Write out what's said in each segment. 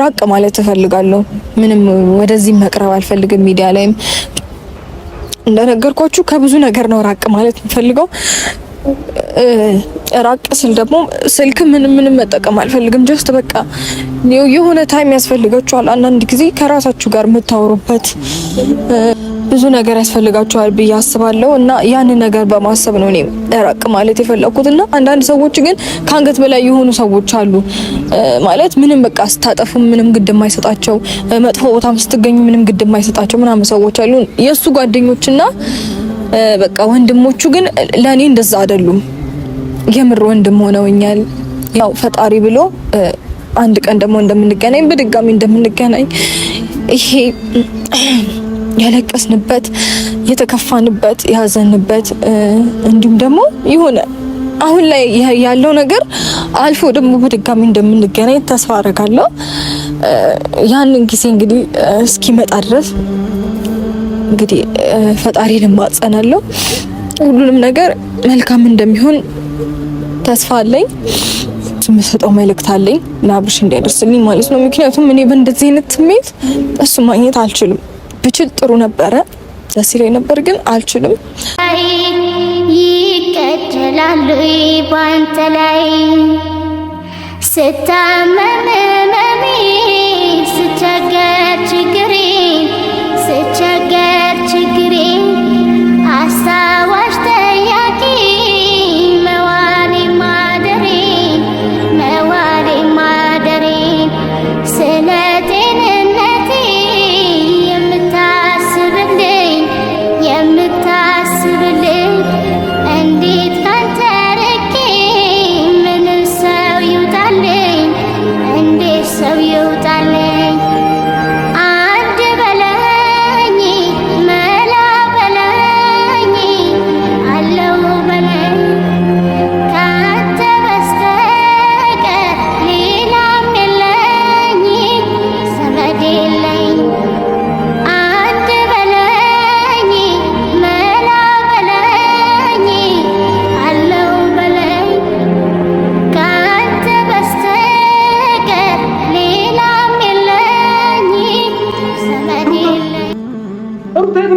ራቅ ማለት እፈልጋለሁ። ምንም ወደዚህ መቅረብ አልፈልግም። ሚዲያ ላይም እንደነገርኳችሁ ከብዙ ነገር ነው ራቅ ማለት የምፈልገው። ራቅ ስል ደግሞ ስልክ ምንም ምንም መጠቀም አልፈልግም። ጀስት በቃ የሆነ ታይም ያስፈልጋችኋል። አንዳንድ ጊዜ ከራሳችሁ ጋር የምታወሩበት ብዙ ነገር ያስፈልጋቸዋል ብዬ አስባለሁ እና ያንን ነገር በማሰብ ነው እኔ ራቅ ማለት የፈለኩት እና አንዳንድ ሰዎች ግን ከአንገት በላይ የሆኑ ሰዎች አሉ። ማለት ምንም በቃ ስታጠፉ ምንም ግድ የማይሰጣቸው መጥፎ ቦታም ስትገኙ ምንም ግድ የማይሰጣቸው ምናምን ሰዎች አሉ። የእሱ ጓደኞችና በቃ ወንድሞቹ ግን ለእኔ እንደዛ አይደሉም። የምር ወንድም ሆነውኛል። ያው ፈጣሪ ብሎ አንድ ቀን ደግሞ እንደምንገናኝ በድጋሚ እንደምንገናኝ ይሄ ያለቀስንበት፣ የተከፋንበት፣ ያዘንበት እንዲሁም ደግሞ የሆነ አሁን ላይ ያለው ነገር አልፎ ደግሞ በድጋሚ እንደምንገናኝ ተስፋ አደርጋለሁ። ያንን ጊዜ እንግዲህ እስኪመጣ ድረስ እንግዲህ ፈጣሪ ማጸናለሁ። ሁሉንም ነገር መልካም እንደሚሆን ተስፋ አለኝ። የምሰጠው መልእክት አለኝ ለአብርሽ እንዲያደርስልኝ ማለት ነው። ምክንያቱም እኔ በእንደዚህ አይነት ስሜት እሱ ማግኘት አልችልም። ብችል ጥሩ ነበረ ደስ ይለኝ ነበር፣ ግን አልችልም። ይቀጥላሉ ባንተ ላይ ስታመመመ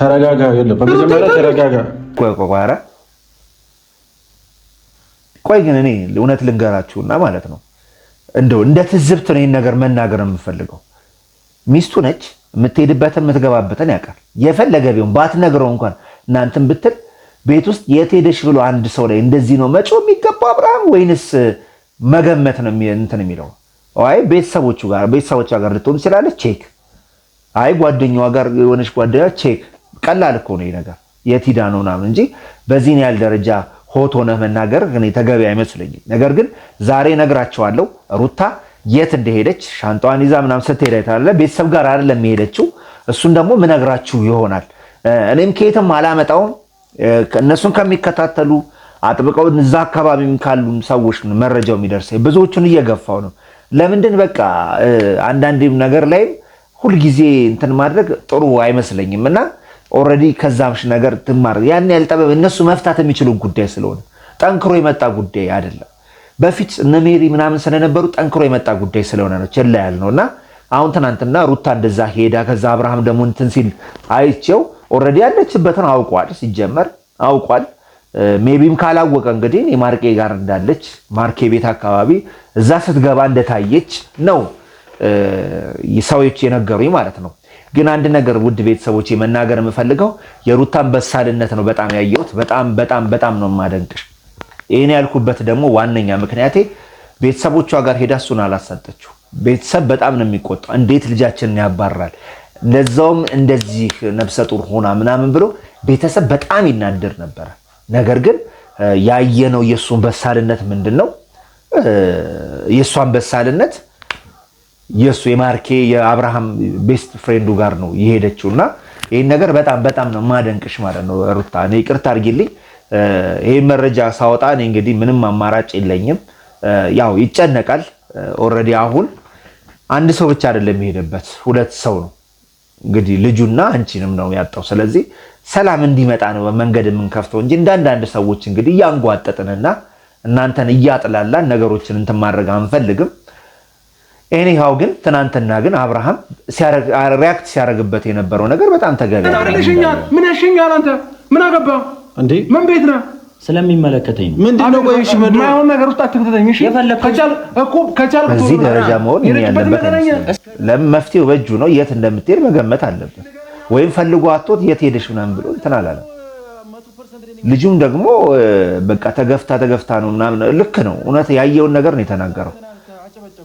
ተረጋጋ። ቆይ ግን እኔ እውነት ልንገራችሁና ማለት ነው እንደው እንደ ትዝብት ነው ይህን ነገር መናገር የምፈልገው። ሚስቱ ነች፣ የምትሄድበትን የምትገባበትን ያውቃል። የፈለገ ቢሆን ባትነግረው እንኳን እናንትን ብትል ቤት ውስጥ የት ሄደሽ ብሎ አንድ ሰው ላይ እንደዚህ ነው መጮ የሚገባው አብርሃም ወይንስ መገመት ነው እንትን የሚለው? ቤተሰቦቹ ጋር ቤተሰቦቿ ጋር ልትሆን ትችላለች ቼክ አይ ጓደኛዋ ጋር የሆነች ጓደኛ ቼክ ቀላል እኮ ነው ነገር የቲዳ ነው ምናምን እንጂ በዚህን ያህል ደረጃ ሆት ሆነ መናገር ተገቢ አይመስለኝም። ነገር ግን ዛሬ ነግራቸዋለሁ ሩታ የት እንደሄደች ሻንጣዋን ይዛ ምናምን ስትሄድ አይታለ ቤተሰብ ጋር አይደለም የሄደችው። እሱን ደግሞ ምነግራችሁ ይሆናል። እኔም ከየትም አላመጣውም። እነሱን ከሚከታተሉ አጥብቀው እዛ አካባቢም ካሉ ሰዎች መረጃው የሚደርሰኝ ብዙዎቹን እየገፋው ነው። ለምንድን በቃ አንዳንድ ነገር ላይም ሁልጊዜ እንትን ማድረግ ጥሩ አይመስለኝም እና ኦልሬዲ ከዛምሽ ነገር ትማር ያን ያልጠበብ እነሱ መፍታት የሚችሉ ጉዳይ ስለሆነ ጠንክሮ የመጣ ጉዳይ አይደለም። በፊት እነ ሜሪ ምናምን ስለነበሩ ጠንክሮ የመጣ ጉዳይ ስለሆነ ነው ችላ ያልነው እና አሁን ትናንትና ሩታ እንደዛ ሄዳ ከዛ አብርሃም ደግሞ እንትን ሲል አይቼው ኦልሬዲ ያለችበትን አውቋል። ሲጀመር አውቋል። ሜቢም ካላወቀ እንግዲህ ማርቄ ጋር እንዳለች ማርኬ ቤት አካባቢ እዛ ስትገባ እንደታየች ነው ሰዎች የነገሩኝ ማለት ነው። ግን አንድ ነገር ውድ ቤተሰቦች መናገር የምፈልገው የሩታን በሳልነት ነው በጣም ያየሁት። በጣም በጣም በጣም ነው የማደንቅሽ። ይህን ያልኩበት ደግሞ ዋነኛ ምክንያቴ ቤተሰቦቿ ጋር ሄዳ እሱን አላሳጠችው። ቤተሰብ በጣም ነው የሚቆጣ። እንዴት ልጃችንን ያባራል? ለዛውም እንደዚህ ነብሰ ጡር ሆና ምናምን ብሎ ቤተሰብ በጣም ይናደር ነበረ። ነገር ግን ያየነው የእሱን በሳልነት ምንድን ነው የእሷን በሳልነት የእሱ የማርኬ የአብርሃም ቤስት ፍሬንዱ ጋር ነው የሄደችው እና ይህን ነገር በጣም በጣም ነው ማደንቅሽ ማለት ነው ሩታ። እኔ ይቅርታ አድርጊልኝ ይህ መረጃ ሳወጣ እኔ እንግዲህ ምንም አማራጭ የለኝም። ያው ይጨነቃል ኦልሬዲ። አሁን አንድ ሰው ብቻ አይደለም የሄደበት ሁለት ሰው ነው እንግዲህ ልጁና አንቺንም ነው ያጣው። ስለዚህ ሰላም እንዲመጣ ነው መንገድ የምንከፍተው እንጂ እንደ አንዳንድ ሰዎች እንግዲህ እያንጓጠጥንና እናንተን እያጥላላን ነገሮችን እንትን ማድረግ አንፈልግም። ኤኒሃው ግን ትናንትና ግን አብርሃም ሪያክት ሲያደርግበት የነበረው ነገር በጣም ተገቢ ነው። ምን ያሸኛል? አንተ ምን አገባ እንዴ? ምን ቤት ነህ? ስለሚመለከተኝ ነው። ምንድን ነው? ቆይ እሺ፣ ማይሆን ነገር ውስጥ አትክተተኝ። እሺ፣ በዚህ ደረጃ መሆን ያለበት መፍትሄው በእጁ ነው። የት እንደምትሄድ መገመት አለበት። ወይም ፈልጎ አቶት የት ሄደሽ ምናምን ብሎ እንትን አላለም። ልጁም ደግሞ በቃ ተገፍታ ተገፍታ ነው ምናምን። ልክ ነው፣ እውነት ያየውን ነገር ነው የተናገረው።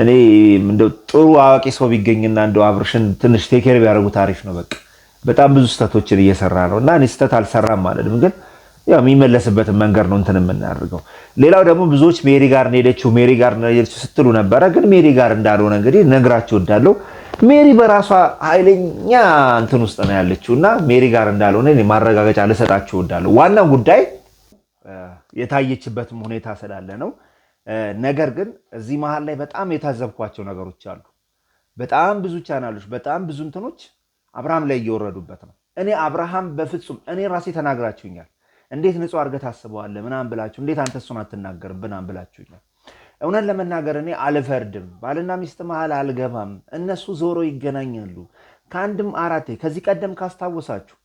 እኔ እንደው ጥሩ አዋቂ ሰው ቢገኝና እንደው አብርሽን ትንሽ ቴኬር ቢያደርጉት አሪፍ ነው። በቃ በጣም ብዙ ስህተቶችን እየሰራ ነው እና እኔ ስህተት አልሰራም ማለትም ግን ያው የሚመለስበትን መንገድ ነው እንትን የምናደርገው። ሌላው ደግሞ ብዙዎች ሜሪ ጋር ሄደችው ሜሪ ጋር ሄደች ስትሉ ነበረ፣ ግን ሜሪ ጋር እንዳልሆነ እንግዲህ ነግራችሁ እንዳለው ሜሪ በራሷ ኃይለኛ እንትን ውስጥ ነው ያለችው እና ሜሪ ጋር እንዳልሆነ ማረጋገጫ ልሰጣችሁ እንዳለው ዋና ጉዳይ የታየችበትም ሁኔታ ስላለ ነው። ነገር ግን እዚህ መሀል ላይ በጣም የታዘብኳቸው ነገሮች አሉ። በጣም ብዙ ቻናሎች፣ በጣም ብዙ እንትኖች አብርሃም ላይ እየወረዱበት ነው። እኔ አብርሃም በፍጹም እኔ ራሴ ተናግራችሁኛል። እንዴት ንጹህ አድርገህ ታስበዋለህ ምናምን ብላችሁ እንዴት አንተ እሱን አትናገርም ምናምን ብላችሁኛል። እውነት ለመናገር እኔ አልፈርድም። ባልና ሚስት መሀል አልገባም። እነሱ ዞሮ ይገናኛሉ። ከአንድም አራቴ ከዚህ ቀደም ካስታወሳችሁ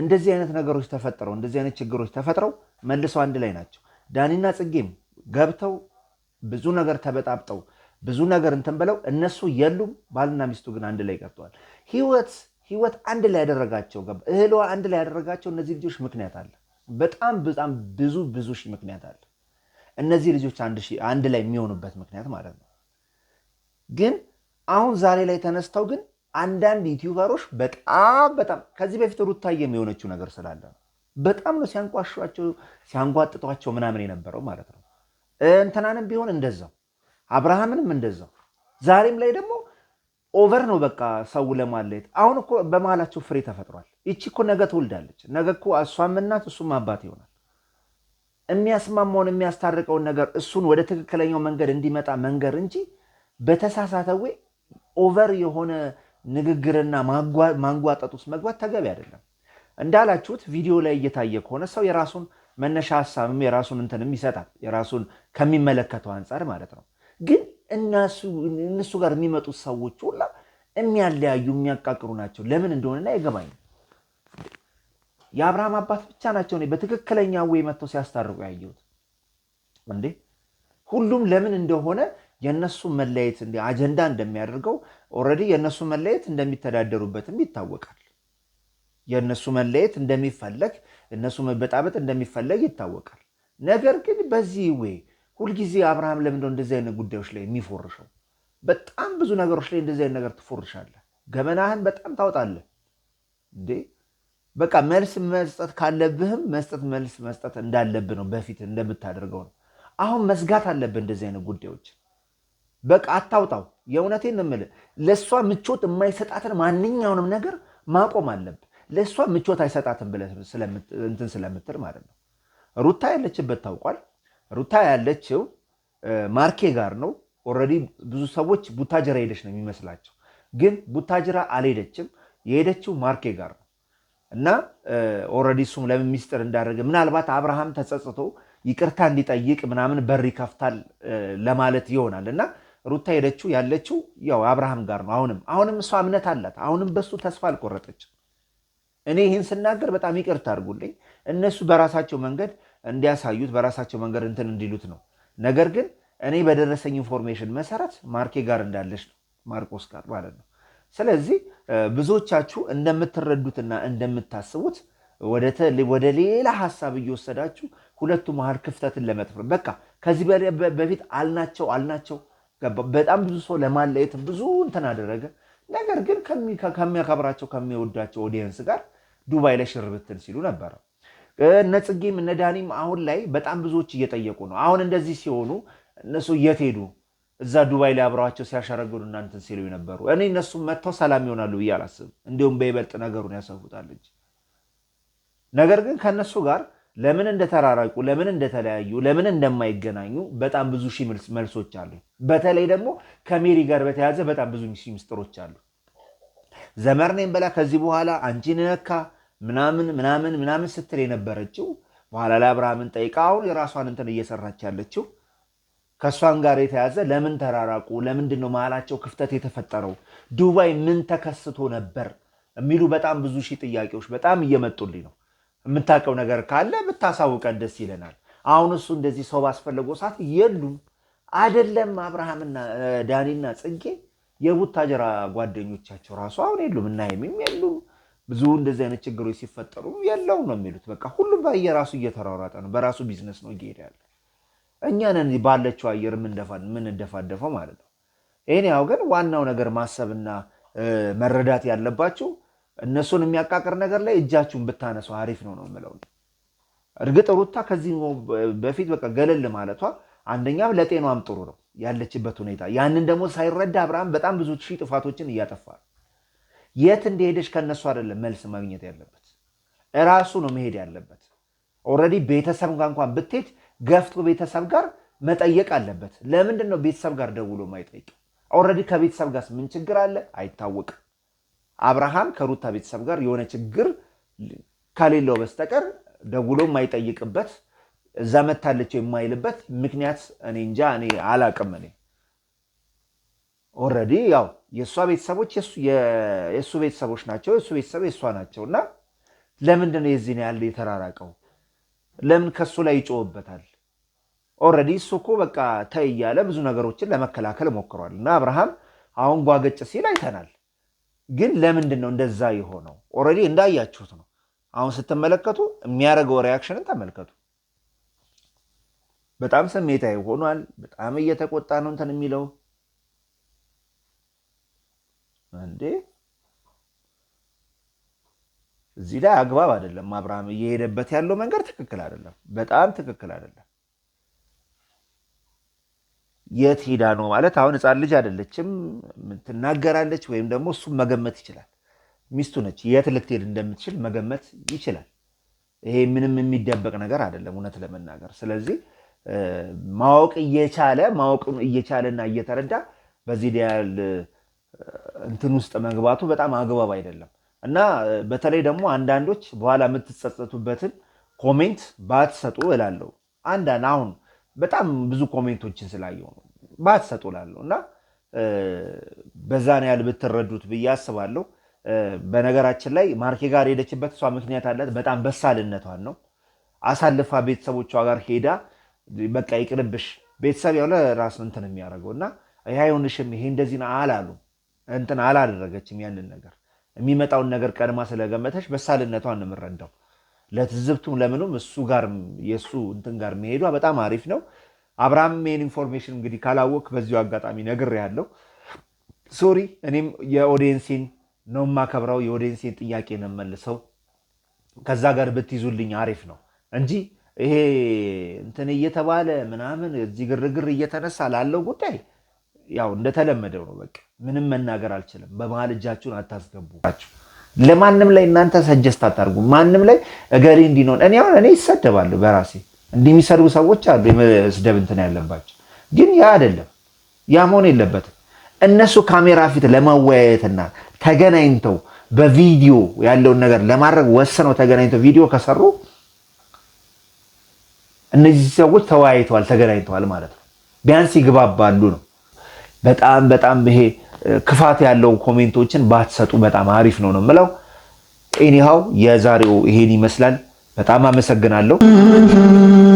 እንደዚህ አይነት ነገሮች ተፈጥረው እንደዚህ አይነት ችግሮች ተፈጥረው መልሰው አንድ ላይ ናቸው። ዳኒና ጽጌም ገብተው ብዙ ነገር ተበጣብጠው ብዙ ነገር እንትን ብለው እነሱ የሉም። ባልና ሚስቱ ግን አንድ ላይ ገብተዋል። ህይወት ህይወት አንድ ላይ ያደረጋቸው ገባ አንድ ላይ ያደረጋቸው እነዚህ ልጆች ምክንያት አለ። በጣም በጣም ብዙ ብዙ ሺህ ምክንያት አለ። እነዚህ ልጆች አንድ ላይ የሚሆኑበት ምክንያት ማለት ነው። ግን አሁን ዛሬ ላይ ተነስተው ግን አንዳንድ ዩቲዩበሮች በጣም በጣም ከዚህ በፊት ሩታ የሚሆነችው ነገር ስላለ በጣም ነው ሲያንቋሸቸው ሲያንጓጥጧቸው ምናምን የነበረው ማለት ነው። እንትናንም ቢሆን እንደዛው አብርሃምንም እንደዛው ዛሬም ላይ ደግሞ ኦቨር ነው በቃ ሰው ለማለየት። አሁን እኮ በመሀላቸው ፍሬ ተፈጥሯል። ይቺ እኮ ነገ ትወልዳለች። ነገ እኮ እሷም እናት እሱም አባት ይሆናል። የሚያስማማውን የሚያስታርቀውን ነገር እሱን ወደ ትክክለኛው መንገድ እንዲመጣ መንገር እንጂ በተሳሳተ ወይ ኦቨር የሆነ ንግግርና ማንጓጠጥ ውስጥ መግባት ተገቢ አይደለም። እንዳላችሁት ቪዲዮ ላይ እየታየ ከሆነ ሰው የራሱን መነሻ ሀሳብም የራሱን እንትንም ይሰጣል የራሱን ከሚመለከተው አንጻር ማለት ነው። ግን እነሱ ጋር የሚመጡት ሰዎች ሁላ የሚያለያዩ የሚያቃቅሩ ናቸው። ለምን እንደሆነና አይገባኝ። የአብርሃም አባት ብቻ ናቸው በትክክለኛ ወይ መጥተው ሲያስታርቁ ያየሁት እንዴ። ሁሉም ለምን እንደሆነ የእነሱ መለየት አጀንዳ እንደሚያደርገው ኦልሬዲ የእነሱ መለየት እንደሚተዳደሩበትም ይታወቃል። የእነሱ መለየት እንደሚፈለግ እነሱ መበጣበጥ እንደሚፈለግ ይታወቃል። ነገር ግን በዚህ ወይ ሁልጊዜ አብርሃም ለምንድነው እንደዚህ አይነት ጉዳዮች ላይ የሚፎርሸው? በጣም ብዙ ነገሮች ላይ እንደዚህ አይነት ነገር ትፎርሻለህ። ገመናህን በጣም ታውጣለህ እንዴ። በቃ መልስ መስጠት ካለብህም መስጠት መልስ መስጠት እንዳለብህ ነው፣ በፊት እንደምታደርገው ነው። አሁን መዝጋት አለብህ እንደዚህ አይነት ጉዳዮች። በቃ አታውጣው። የእውነቴን እምልህ ለእሷ ምቾት የማይሰጣትን ማንኛውንም ነገር ማቆም አለብህ። ለእሷ ምቾት አይሰጣትም ብለእንትን እንትን ስለምትል ማለት ነው። ሩታ ያለችበት ታውቋል። ሩታ ያለችው ማርኬ ጋር ነው። ኦልሬዲ ብዙ ሰዎች ቡታጅራ ሄደች ነው የሚመስላቸው፣ ግን ቡታጅራ አልሄደችም። የሄደችው ማርኬ ጋር ነው እና ኦልሬዲ እሱም ለምን ሚስጥር እንዳደረገ ምናልባት አብርሃም ተጸጽቶ ይቅርታ እንዲጠይቅ ምናምን በር ይከፍታል ለማለት ይሆናል እና ሩታ ሄደችው ያለችው ያው አብርሃም ጋር ነው። አሁንም አሁንም እሷ እምነት አላት። አሁንም በሱ ተስፋ አልቆረጠች እኔ ይህን ስናገር በጣም ይቅርታ አድርጉልኝ። እነሱ በራሳቸው መንገድ እንዲያሳዩት በራሳቸው መንገድ እንትን እንዲሉት ነው። ነገር ግን እኔ በደረሰኝ ኢንፎርሜሽን መሰረት ማርኬ ጋር እንዳለች ነው ማርቆስ ጋር ማለት ነው። ስለዚህ ብዙዎቻችሁ እንደምትረዱትና እንደምታስቡት ወደ ሌላ ሀሳብ እየወሰዳችሁ ሁለቱ መሀል ክፍተትን ለመጥፍር በቃ ከዚህ በፊት አልናቸው አልናቸው በጣም ብዙ ሰው ለማለየት ብዙ እንትን አደረገ። ነገር ግን ከሚያከብራቸው ከሚወዳቸው ኦዲየንስ ጋር ዱባይ ላይ ሽር ሲሉ ነበረ። እነ ጽጌም እነ ዳኒም አሁን ላይ በጣም ብዙዎች እየጠየቁ ነው። አሁን እንደዚህ ሲሆኑ እነሱ የት ሄዱ? እዛ ዱባይ ላይ አብረዋቸው ሲያሸረግዱ እናንትን ሲሉ ነበሩ። እኔ እነሱ መጥተው ሰላም ይሆናሉ ብዬ አላስብም። እንዲሁም በይበልጥ ነገሩን ያሰፉታል እንጂ ነገር ግን ከእነሱ ጋር ለምን እንደተራራቁ ለምን እንደተለያዩ ለምን እንደማይገናኙ በጣም ብዙ ሺህ መልሶች አሉ። በተለይ ደግሞ ከሜሪ ጋር በተያያዘ በጣም ብዙ ሺህ ምስጢሮች አሉ። ዘመርኔን በላ ከዚህ በኋላ አንቺን ነካ ምናምን ምናምን ምናምን ስትል የነበረችው በኋላ ላይ አብርሃምን ጠይቃ አሁን የራሷን እንትን እየሰራች ያለችው ከእሷን ጋር የተያዘ ለምን ተራራቁ? ለምንድን ነው መሀላቸው ክፍተት የተፈጠረው? ዱባይ ምን ተከስቶ ነበር የሚሉ በጣም ብዙ ሺህ ጥያቄዎች በጣም እየመጡልኝ ነው። የምታውቀው ነገር ካለ ብታሳውቀን ደስ ይለናል። አሁን እሱ እንደዚህ ሰው ባስፈለገው ሰዓት የሉም አይደለም አብርሃምና ዳኒና ጽጌ የቡታጀራ ጓደኞቻቸው ራሱ አሁን የሉም እና ሀይሚም የሉም። ብዙ እንደዚህ አይነት ችግሮች ሲፈጠሩ የለው ነው የሚሉት። በቃ ሁሉም በየራሱ እየተሯሯጠ ነው፣ በራሱ ቢዝነስ ነው እየሄደ ያለ። እኛን ባለችው አየር የምንደፋደፈው ማለት ነው። ይህን ያው ግን ዋናው ነገር ማሰብና መረዳት ያለባችሁ እነሱን የሚያቃቅር ነገር ላይ እጃችሁን ብታነሱ አሪፍ ነው ነው የምለው። እርግጥ ሩታ ከዚህ በፊት በቃ ገለል ማለቷ አንደኛም ለጤኗም ጥሩ ነው ያለችበት ሁኔታ። ያንን ደግሞ ሳይረዳ አብርሃም በጣም ብዙ ሺህ ጥፋቶችን እያጠፋ የት እንደሄደች ከነሱ አይደለም መልስ ማግኘት ያለበት እራሱ ነው መሄድ ያለበት። ኦልሬዲ ቤተሰብ ጋር እንኳን ብትሄድ ገፍቶ ቤተሰብ ጋር መጠየቅ አለበት። ለምንድን ነው ቤተሰብ ጋር ደውሎ ማይጠይቅ? ኦልሬዲ ከቤተሰብ ጋርስ ምን ችግር አለ አይታወቅም። አብርሃም ከሩታ ቤተሰብ ጋር የሆነ ችግር ከሌለው በስተቀር ደውሎ የማይጠይቅበት እዛ መታለች የማይልበት ምክንያት እኔ እንጃ እኔ አላቅም። እኔ ኦልሬዲ ያው የእሷ ቤተሰቦች የእሱ ቤተሰቦች ናቸው፣ የእሱ ቤተሰብ የእሷ ናቸው እና ለምንድን ነው የዚህን ያህል የተራራቀው? ለምን ከሱ ላይ ይጮውበታል? ኦልሬዲ እሱ እኮ በቃ ተይ እያለ ብዙ ነገሮችን ለመከላከል ሞክሯል። እና አብርሃም አሁን ጓገጭ ሲል አይተናል። ግን ለምንድን ነው እንደዛ የሆነው? ኦልሬዲ እንዳያችሁት ነው። አሁን ስትመለከቱ የሚያደርገው ሪያክሽንን ተመልከቱ። በጣም ስሜታዊ ሆኗል። በጣም እየተቆጣ ነው እንትን የሚለው እንዴ እዚህ ላይ አግባብ አይደለም። አብርሃም እየሄደበት ያለው መንገድ ትክክል አይደለም። በጣም ትክክል አይደለም። የት ሄዳ ነው ማለት አሁን ህፃን ልጅ አይደለችም፣ ትናገራለች ወይም ደግሞ እሱም መገመት ይችላል። ሚስቱ ነች። የት ልትሄድ እንደምትችል መገመት ይችላል። ይሄ ምንም የሚደበቅ ነገር አይደለም እውነት ለመናገር ስለዚህ ማወቅ እየቻለ ማወቅም እየቻለና እየተረዳ በዚህ ዲያል እንትን ውስጥ መግባቱ በጣም አግባብ አይደለም እና በተለይ ደግሞ አንዳንዶች በኋላ የምትጸጸቱበትን ኮሜንት ባትሰጡ እላለሁ። አንዳንድ አሁን በጣም ብዙ ኮሜንቶችን ስላየው ነው ባትሰጡ እላለሁ እና በዛን ያህል ብትረዱት ብዬ አስባለሁ። በነገራችን ላይ ማርኬ ጋር ሄደችበት እሷ ምክንያት አላት። በጣም በሳልነቷን ነው አሳልፋ ቤተሰቦቿ ጋር ሄዳ በቃ ይቅርብሽ። ቤተሰብ ያው ራስ እንትን የሚያደርገው እና ይህ አይሆንሽም፣ ይሄ እንደዚህ ነው አላሉ እንትን አላደረገችም። ያንን ነገር የሚመጣውን ነገር ቀድማ ስለገመተች በሳልነቷ እንምረዳው ለትዝብቱም ለምንም እሱ ጋር የእሱ እንትን ጋር መሄዷ በጣም አሪፍ ነው። አብርሃም ሜን ኢንፎርሜሽን እንግዲህ ካላወቅ በዚሁ አጋጣሚ ነግር ያለው ሶሪ። እኔም የኦዲየንሴን ነው የማከብረው፣ የኦዲየንሴን ጥያቄ ነው መልሰው ከዛ ጋር ብትይዙልኝ አሪፍ ነው እንጂ ይሄ እንትን እየተባለ ምናምን እዚህ ግርግር እየተነሳ ላለው ጉዳይ ያው እንደተለመደው ነው። በቃ ምንም መናገር አልችልም። በመሀል እጃችሁን አታስገቡ። ለማንም ላይ እናንተ ሰጀስት አታርጉ። ማንም ላይ እገሌ እንዲኖር እኔ አሁን እኔ ይሰደባለሁ በራሴ እንዲህ የሚሰድቡ ሰዎች አሉ፣ የመስደብ እንትን ያለባቸው ግን ያ አይደለም፣ ያ መሆን የለበትም። እነሱ ካሜራ ፊት ለመወያየትና ተገናኝተው በቪዲዮ ያለውን ነገር ለማድረግ ወስነው ተገናኝተው ቪዲዮ ከሰሩ እነዚህ ሰዎች ተወያይተዋል፣ ተገናኝተዋል ማለት ነው። ቢያንስ ይግባባሉ ነው። በጣም በጣም ይሄ ክፋት ያለው ኮሜንቶችን ባትሰጡ በጣም አሪፍ ነው ነው የምለው። ኤኒሃው የዛሬው ይሄን ይመስላል። በጣም አመሰግናለሁ።